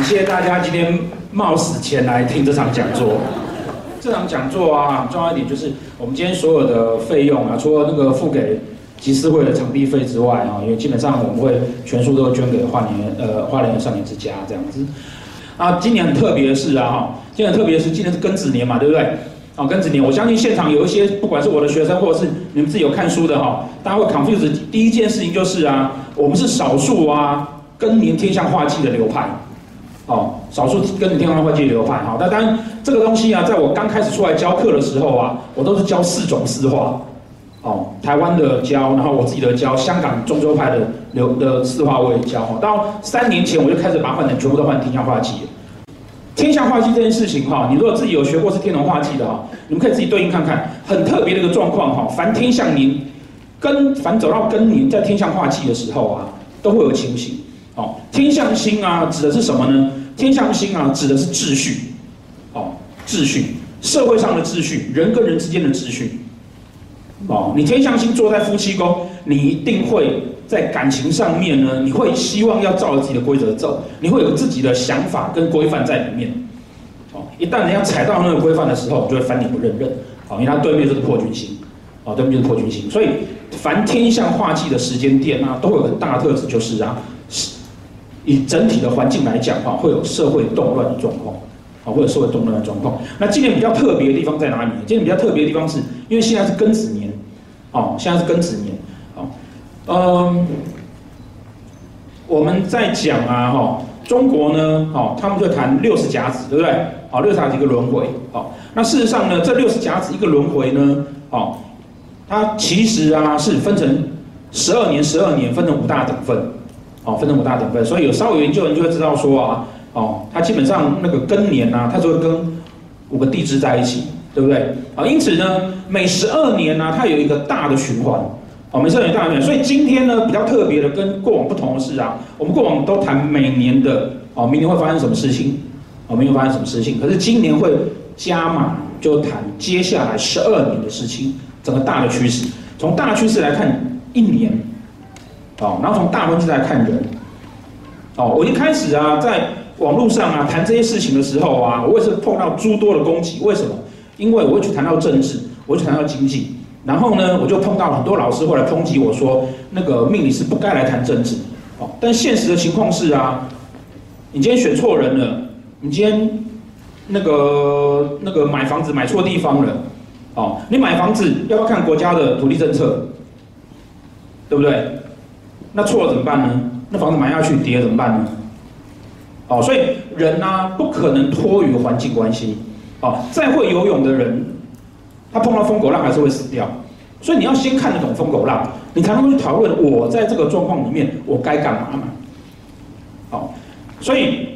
感謝，謝大家今天冒死前來聽這場講座。這場講座啊，很重要一點就是我們今天所有的費用啊，除了那個付給集思會的場地費之外啊，因為基本上我們會全數都捐給花蓮呃花蓮少年之家這樣子。啊，今年很特別的是啊，哈，今年特別的是今年是庚子年嘛，對不對？啊，庚子年，我相信現場有一些不管是我的學生或者是你們自己有看書的哈，大家會 confuse 第一件事情就是啊，我們是少數啊，庚年天相化忌的流派。哦，少數跟天相化忌流派，哈，那當然這個東西啊，在我剛開始出來教課的時候啊，我都是教四種四化，哦，台灣的教，然後我自己的教，香港中州派的流的四化我也教，哈，到三年前我就開始把換成全部都換天相化忌，天相化忌這件事情，哈，你如果自己有學過是天同化忌的，哈，你們可以自己對應看看，很特別的一個狀況，哈，凡天相年跟凡走到庚年在天相化忌的時候啊，都會有情形。哦，天相星啊，指的是什麼呢？天相星啊，指的是秩序，哦，秩序，社會上的秩序，人跟人之間的秩序，哦，你天相星坐在夫妻宮，你一定會在感情上面呢，你會希望要照自己的規則走，你會有自己的想法跟規範在裡面，哦，一旦人家踩到那個規範的時候，你就會翻臉不認人，哦，因為他對面就是破軍星，哦，對面就是破軍星，所以凡天相化忌的時間點啊，都會有很大特質，就是啊。以整體的環境來講，哈，會有社會動亂的狀況，啊，會有社會動亂的狀況。那今年比較特別的地方在哪裡？今年比較特別的地方是因為現在是庚子年，哦，現在是庚子年，哦，嗯，我們在講啊，哈，中國呢，哦，他們就談六十甲子，對不對？哦，六十甲子一個輪迴，哦，那事實上呢，這六十甲子一個輪迴呢，哦，它其實啊是分成十二年、十二年，分成五大等份。哦，分成五大等分，所以有稍微研究人就會知道說啊，哦，它基本上那個庚年呢、啊，它就會跟五個地支在一起，對不對？啊、哦，因此呢，每十二年呢、啊，它有一個大的循環，哦，每十二年大的循環。所以今天呢，比較特別的跟過往不同的是啊，我們過往都談每年的哦，明年會發生什麼事情，哦，明年會發生什麼事情，可是今年會加碼，就談接下來十二年的事情，整個大的趨勢。從大趨勢來看，一年。哦，然後從大環境來看人，哦，我一開始啊，在網絡上啊談這些事情的時候啊，我也是碰到諸多的攻擊。為什麼？因為我會去談到政治，我會去談到經濟，然後呢，我就碰到很多老師會來抨擊我說，那個命理師不該來談政治。哦，但現實的情況是啊，你今天選錯人了，你今天那個那個買房子買錯地方了，哦，你買房子要不要看國家的土地政策？對不對？那錯了怎麼辦呢？那房子買下去跌了怎麼辦呢？哦，所以人呢、啊、不可能脫於環境關係。哦，再會游泳的人，他碰到瘋狗浪還是會死掉。所以你要先看得懂瘋狗浪，你才能夠去討論我在這個狀況裡面我該幹嘛嘛。好、哦，所以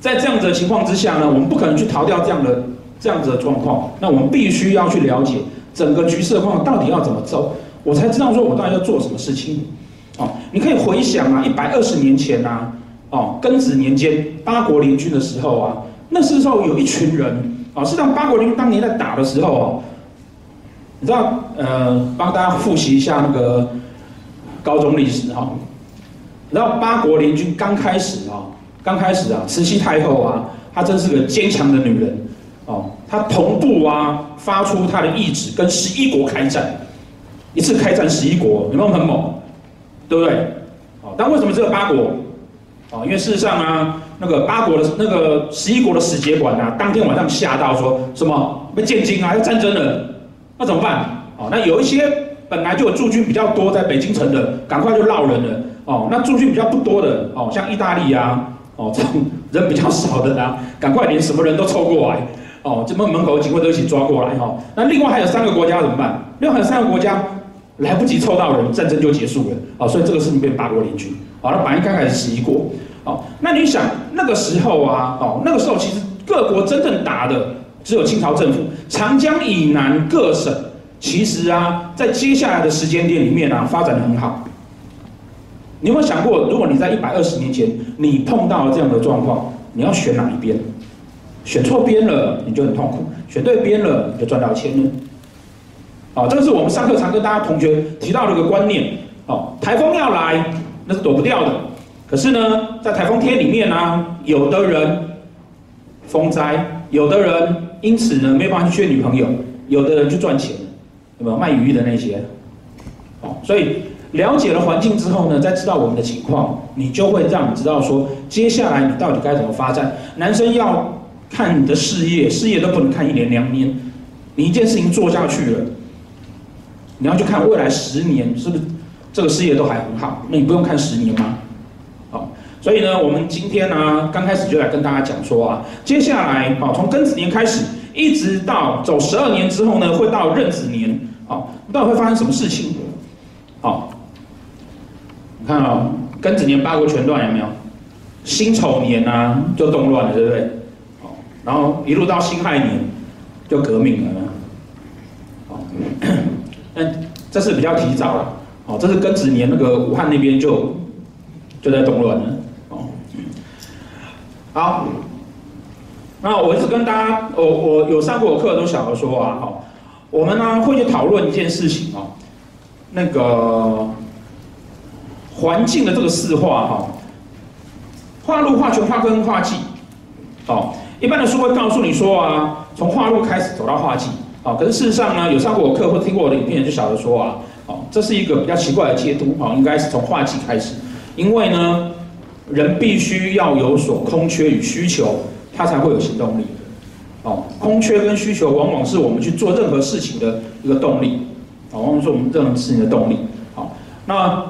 在這樣子的情況之下呢，我們不可能去逃掉這樣的這樣子的狀況。那我們必須要去了解整個局勢的狀況到底要怎麼走，我才知道說我到底要做什麼事情。哦，你可以回想啊，一百二十年前啊，哦，庚子年間八國聯軍的時候啊，那時候有一群人啊，是、哦、當八國聯軍當年在打的時候啊，你知道，呃，幫大家複習一下那個高中歷史哈、哦，你知道八國聯軍剛開始啊，剛開始啊，慈禧太後啊，她真是個堅強的女人，哦，她同步啊，發出她的意志跟十一國開戰，一次開戰十一國，有沒有很猛？對不對？哦，但為什麼只有八國？哦，因為事實上啊，那個八國的、那個十一國的使節館吶、啊，當天晚上嚇到說什麼被禁軍啊要戰爭了，那怎麼辦？哦，那有一些本來就有駐軍比較多在北京城的，趕快就落人了。哦，那駐軍比較不多的，哦，像意大利啊，哦，人比較少的呢、啊，趕快連什麼人都湊過來，哦，這門門口警衛都一起抓過來。哦，那另外還有三個國家怎麼辦？另外還有三個國家。來不及湊到的人，戰爭就結束了。哦，所以這個事情被八國聯軍、哦。那反一剛開始十一國、哦。那你想那個時候啊，哦，那個時候其實各國真正打的只有清朝政府。長江以南各省，其實啊，在接下來的時間點裡面啊，發展得很好。你有沒有想過，如果你在一百二十年前，你碰到了這樣的狀況，你要選哪一邊？選錯邊了，你就很痛苦；選對邊了，你就賺到錢了。啊，這個是我們上課常跟大家同學提到的一個觀念。哦，台風要來，那是躲不掉的。可是呢，在台風天裡面呢，啊，有的人風災，有的人因此呢沒辦法去約女朋友，有的人去賺錢，有沒有賣魚的那些？哦，所以了解了環境之後呢，再知道我們的情況，你就會讓你知道說，接下來你到底該怎麼發展。男生要看你的事業，事業都不能看一年兩年，你一件事情做下去了。你要去看未來十年是不是這個事業都還很好？那你不用看十年嗎、啊？好、哦，所以呢，我們今天呢、啊，剛開始就來跟大家講說啊，接下來啊、哦，從庚子年開始，一直到走十二年之後呢，會到壬子年啊、哦，到底會發生什麼事情？好、哦，你看啊、哦，庚子年八國全亂有沒有？辛丑年啊，就動亂了，對不對？好、哦，然後一路到辛亥年就革命了。有但這是比較提早了，哦，這是庚子年那個武漢那邊就，就在動亂了，哦，好，那我一直跟大家，我我有上過有課都曉得說啊，哦，我們呢會去討論一件事情哦，那個環境的這個四化哈，化祿、化權、化科、化忌，好，一般的書會告訴你說啊，從化祿開始走到化忌。啊，可是事實上呢，有上過我課或聽過我的影片，就曉得說啊，哦，這是一個比較奇怪的解讀，哦，應該是從化忌開始，因為呢，人必須要有所空缺與需求，他才會有行動力的，哦，空缺跟需求，往往是我們去做任何事情的一個動力，哦，往往是我們任何事情的動力，好，那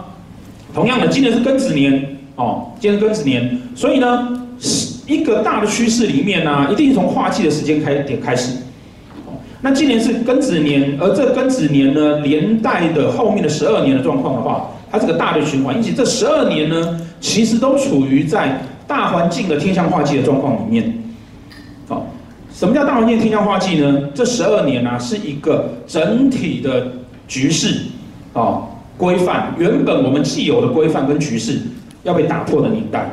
同樣的，今年是庚子年，哦，今年是庚子年，所以呢，是一個大的趨勢裡面呢，啊，一定從化忌的時間開點開始。那今年是庚子年，而這庚子年呢，連帶的後面的十二年的狀況的話，它是個大的循環。因此，這十二年呢，其實都處於在大環境的天相化忌的狀況裡面。好、哦，什麼叫大環境天相化忌呢？這十二年啊，是一個整體的局勢啊、哦、規範，原本我們既有的規範跟局勢要被打破的年代。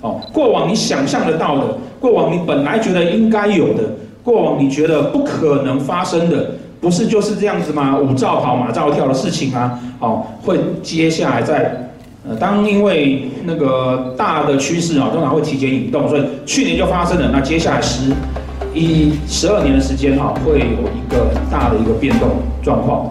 好、哦，過往你想象得到的，過往你本來覺得應該有的。過往你覺得不可能發生的，不是就是這樣子嗎？舞照跑馬照跳的事情嗎？哦，會接下來在呃，當因為那個大的趨勢啊，通常會提前引動，所以去年就發生了。那接下來十一、十二年的時間啊，會有一個大的一個變動狀況。